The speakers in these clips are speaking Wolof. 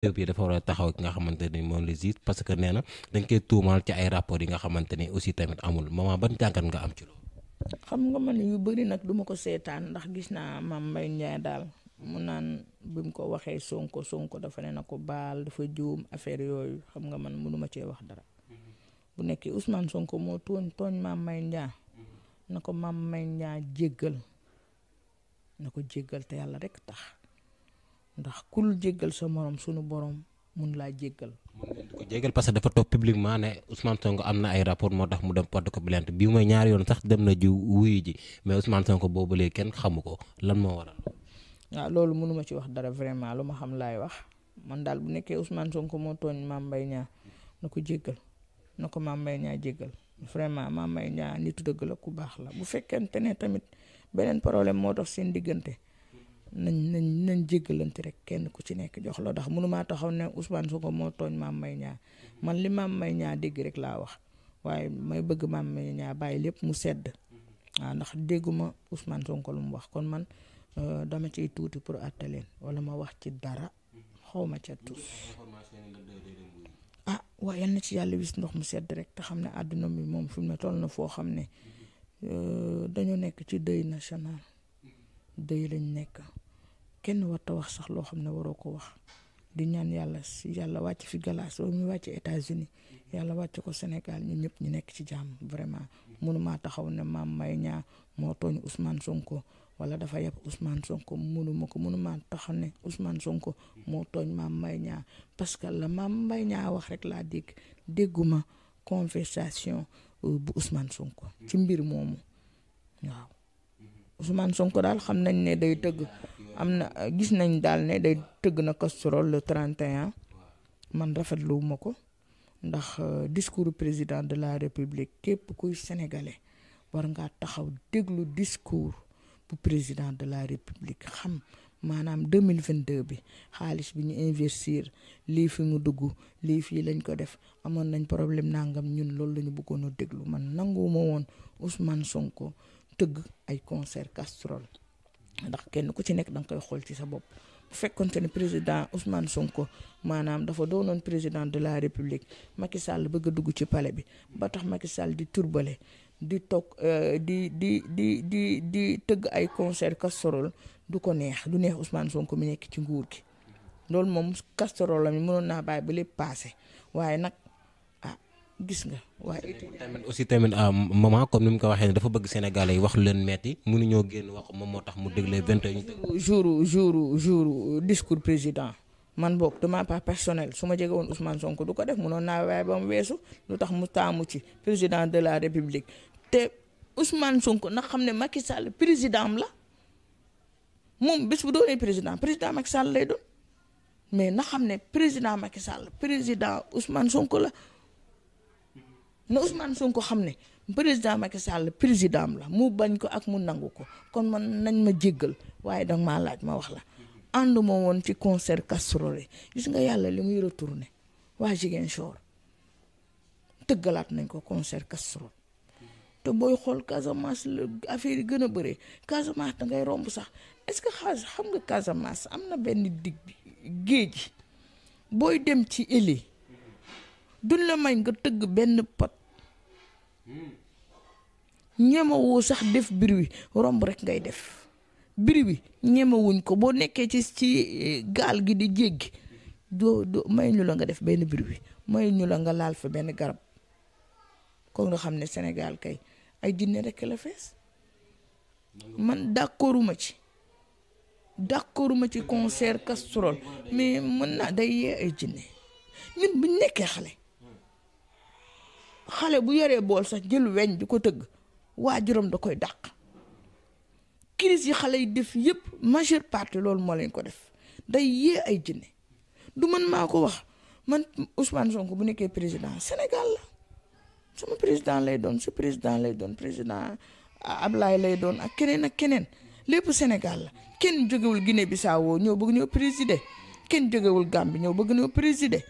dëgg bi dafa war a taxaw ki nga xamante ni moom la gis parce que nee na dañ koy tuumaal ci ay rapports yi nga xamante ni aussi tamit amul maman ba jàngat nga am ci loolu. xam nga man yu bari nag du ma ko seetaan ndax gis naa maam may Ndiaye daal mu naan bi mu ko waxee Sonko Sonko dafa ne na ko baal dafa juum affaire yooyu xam nga man mënuma cee wax dara bu nekkee Ousmane Sonko moo tooñ tooñ maam Mbaye Ndiaye na ko maam may Ndiaye jéggal na ko jéggal te yàlla rek tax. ndax kul jéggal sa morom sunu borom mun laa jéggal. mun parce que dafa toog publiquement ne Ousmane Sonko am na ay rapport moo tax mu dem porte ko plainte bi mooy ñaari yoon sax dem na ji wuyu ji mais Ousmane Sonko boobu léegi kenn xamu ko lan moo waral. waaw ah, loolu mënu ci wax dara vraiment lu ma xam laay wax man daal bu nekkee Ousmane Sonko moo tooñ Mame Mbaye Niang na ko jéggal na ko Mame Mbaye Niang jéggal vraiment Mame Mbaye Niang nitu dëgg la ku baax la bu fekkente ne tamit beneen problème moo tax seen diggante. nañ nañ nañ jéggalante rek kenn ku ci nekk jox la ndax mënumaa taxaw ne Ousmane Sonko moo tooñ Mame Mbaye Niang man li Mame may ñaar dégg rek laa wax waaye may bëgg Mame may Niang bàyyi lépp mu sedd waaw ndax dégguma Ousmane Sonko lu mu wax kon man euh, dama ciy tuuti pour àtte leen wala ma wax ci dara xaw ma ca tus ah waa yal na ci yàlla wis ndox mu sedd rek te xam ne àdduna bi moom fi mu ne toll na foo xam ne euh, dañoo nekk ci deuil national deuil lañ nekk kenn warta wax sax loo xam ne waroo ko wax di ñaan yàlla si yàlla wàcc fi galaas soo mu wàcc États-Unis yàlla wàcc ko Sénégal ñun ñëpp ñu nekk ci jàmm vraiment mënumaa taxaw ne maam may ñaa moo tooñ Ousmane Sonko wala dafa yab Ousmane Sonko mënuma ko mënumaa taxaw ne Ousmane Sonko moo tooñ maam may ñaa parce que la maam may ñaa wax rek laa dégg dégguma conversation euh, bu Ousmane Sonko ci mbir moomu waaw Ousmane Sonko daal xam nañ ne day tëgg am na gis nañ daal ne day tëgg na casserole le 31 man rafetluwu ma ko ndax euh, discours président de la république képp kuy sénégalais war ngaa taxaw déglu discours bu président de la république xam maanaam 2022 bi xaalis bi ñu investir lii fi mu dugg lii fii lañ ko def amoon nañ problème nangam ñun loolu la ñu bëggoon a déglu man nanguwuma woon Ousmane ko tëgg ay concert casserole ndax kenn ku ci nekk danga koy xool ci sa bopp bu fekkonte ne président Ousmane Sonko maanaam dafa doonoon président de la république Macky Sall bëgg a dugg ci pale bi ba tax Macky Sall di turbale di toog euh, di di di di di tëgg ay concert casserole du ko neex du neex Ousmane Sonko mi nekk ci nguur gi loolu moom casserole la mi mënoon naa bàyyi ba lépp paase waaye nag. gis nga waaye. tamit aussi tamit euh, maman comme ni mu ko waxee ne dafa bëgg Sénégalais yi wax lu leen metti mënuñoo génn wax moom moo tax mu déglee vingt et un. jour jour jour discours président man boog de ma part personnelle su ma jege woon Ousmane sonk du ko def noon naa waaye ba mu weesu lu tax mu taamu ci président de la république te Ousmane Sonko na xam ne Macky Sall président am la moom bés bu doonee président président Macky Sall lay doon mais na xam ne président Macky Sall président Ousmane Sonko la. na Ousmane Sonko xam ne président Macky Sall président la mu bañ ko ak mu nangu ko kon man nañ ma jéggal waaye danga maa laaj ma wax la ànduma woon ci concert casserole gis nga yàlla li muy retourné waa Ziguinchor tëggalaat nañ ko concert casserole te booy xool Casamance la affaire yi gën a bëree Casamance da ngay romb sax est-ce que xam nga Casamance am na benn digg géej booy dem ci éli duñ la may nga tëgg benn pot ñemewoo sax def bruit romb rekk ngay def bruit bi ñemewuñ ko boo nekkee ci ci eh, gaal gi di jéggi doo doo may ñu la nga def benn bruit may ñu la nga laal fa benn garab kon nga xam ne Sénégal kay ay jinne rek la fees man d'accorduma ci d'accorduma ci concert casserole mais mën naa day yee ay jinne ñun buñ nekkee xale xale bu yoree bool sax jël weñ di ko tëgg waajuram da koy dàq crise yi xale yi def yépp majeure partie loolu moo leen ko def day yée ay jinne du man maa ko wax man Ousmane Sonko bu nekkee président Sénégal la sama président lay doon su président lay doon président Ablaye lay doon ak keneen ak keneen lépp Sénégal la kenn jógewul Guinée Bissau ñoo bëgg ñoo présider kenn jógewul Gambie ñoo bëgg ñoo présider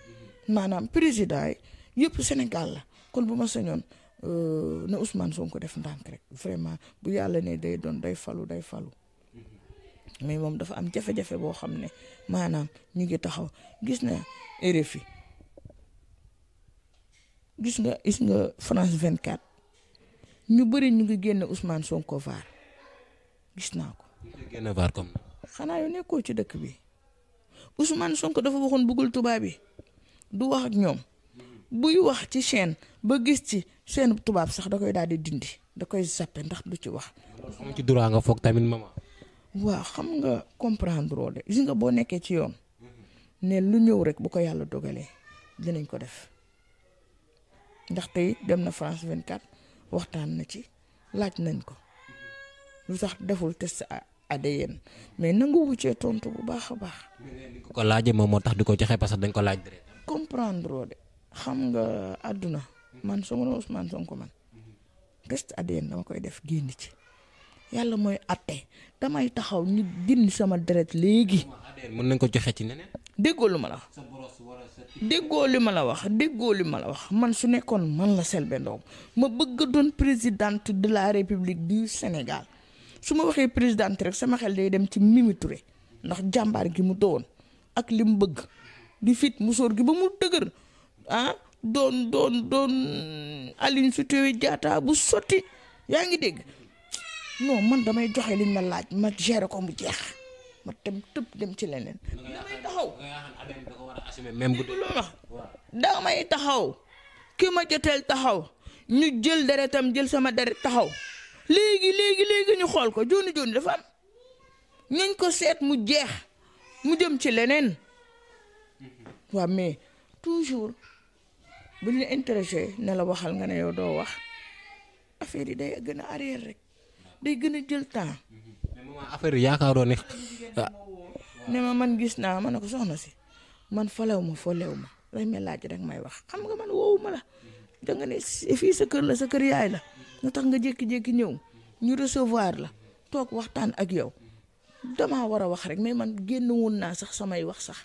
maanaam président yi yépp Sénégal la kon bu ma sañoon euh, na Ousmane Sonko def ndànk rek vraiment bu yàlla ne day doon day falu day falu mais moom dafa am jafe-jafe boo xam ne maanaam ñu ngi taxaw gis na RFI gis nga gis nga France 24 ñu bëri ñu ngi génne Ousmane Sonko vaar gis naa ko. génne vaar xanaa yu nekkoo ci dëkk bi Ousmane Sonko dafa waxoon bëggul tubaab yi du wax ak ñoom. buy wax ci chain ba gis ci chaîne tubaab sax da koy daal di dindi da koy zappe ndax du ci wax. am ci droit nga foog tamit maman. waaw xam nga comprendre loo de gis nga boo nekkee ci yoon ne lu ñëw rek bu ko yàlla dogalee dinañ ko def ndax tey dem na France 24 waxtaan na ci laaj nañ ko lu tax deful test ADN mais nangu wuccee tontu bu baax a baax. ko laajee moom moo tax di ko joxe parce que dañ ko laaj. comprendre loo de. xam nga àdduna man su ma ne Ousmane Sonko man test ADN dama koy def génn ci yàlla mooy atte damay taxaw ñu dindi sama deret léegi. mën nañ ko joxe ci neneen. déggoo lu ma la wax déggoo li ma la wax déggoo li ma la wax man su nekkoon man la Selbé Ndom ma bëgg a doon présidente de la République du Sénégal su ma waxee présidente rek sama xel day dem ci Mimi ndax jàmbaar gi mu doon ak li mu bëgg di fit mu sóor gi ba mu dëgër. ah doon doon doon Aline Sitoé Diatta bu sotti yaa ngi dégg non man damay joxe liñ ma laaj ma gérer ko mu jeex ma dem tëb dem ci leneen. damay taxaw damay taxaw ki ma joteel taxaw ñu jël deretam jël sama deret taxaw léegi léegi ñu xool ko jooni jooni dafa am ñañ ko seet mu jeex mu jëm ci leneen mm-hmm. waa mais toujours. bu ñu la interrogé ne la waxal nga ne yow doo wax affaire yi day gën a arrière rek day gën a jël temps. mais maman affaire yi yaakaaroon ne. Ah. ne ma man gis naa ma ne ko soxna si man folew ma folew ma dañ may laaj rek may wax xam nga man woowu ma la da nga ne fii sa kër la sa kër yaay la nga tax nga jékki-jékki ñëw ñu recevoir la toog waxtaan ak yow damaa war a wax rek mais man génn woon naa sax samay wax sax.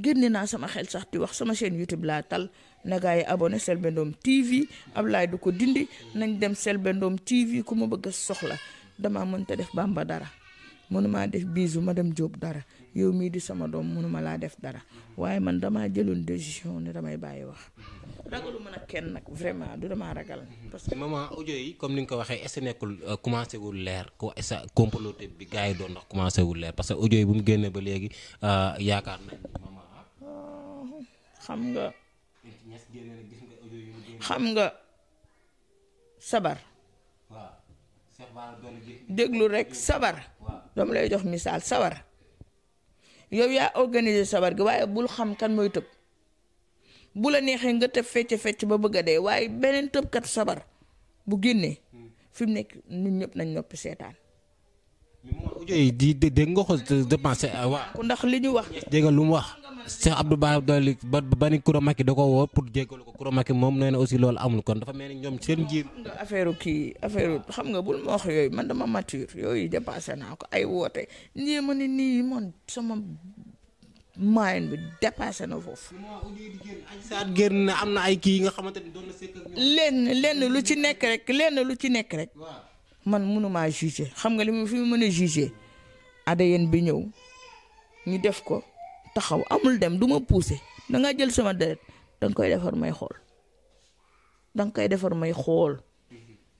génne naa sama xel sax di wax sama chaîne YouTube laa tal na gaa yi abonné Selbé Ndom TV laay du ko dindi nañ dem Selbé Ndom TV ku ma bëgg soxla dama mënta def Bamba dara mënuma def ma dem jóob dara yow mii di sama doom mënuma laa def dara waaye man damaa jëloon décision ne damay bàyyi wax ragaluma a kenn nag vraiment du damaa ragal. parce que maman audio yi comme ni nga ko waxee est nekkul euh, commencé wul leer ko sa comploté bi gars yi doon ndax commencé wul leer parce que audio yi bu mu génnee ba léegi euh, yaakaar nañ. xam nga xam nga sabar déglu rekk sabar dama lay jox misaal sabar yow yaa organiser sabar gi waaye bul xam kan mooy tëb bu la neexee nga tëb fecc fecc ba bëgga dee waaye beneen tëbkat sabar bu génnee hmm. fi mu nekk nu ñëpp nañ noppi seetaan. dégg nga ko dépensé ah, waaw. ndax li ñu wax. dégg lu mu wax. Cheikh Abdou Bara Dolly ba ba ni Kouramaki da ko woo pour jéggalu ko Kouramaki moom nee na aussi loolu amul kon dafa mel ni ñoom seen njiit. nga affaire kii affaire xam nga bul ma wax yooyu man dama mature yooyu dépassé naa ko ay woote nii ma ne nii man sama moyen bi dépassé na foofu. saat génn na am na ay kii yi nga xamante ni doon na sekk ak lenn lenn lu ci nekk rek lenn lu ci nekk rek. man mënumaa juger xam nga li ma fi mën a juger. ADN bi ñëw ñu def ko. taxaw amul dem du ma poussé dangaa jël sama deret danga koy defar may xool danga koy defar may xool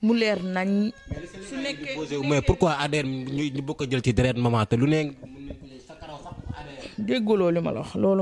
mu leer nañ. su nekkee mais pourquoi ADR ñu bokk jël ci deret maman te lu ne. dégguloo li ma la wax loolu.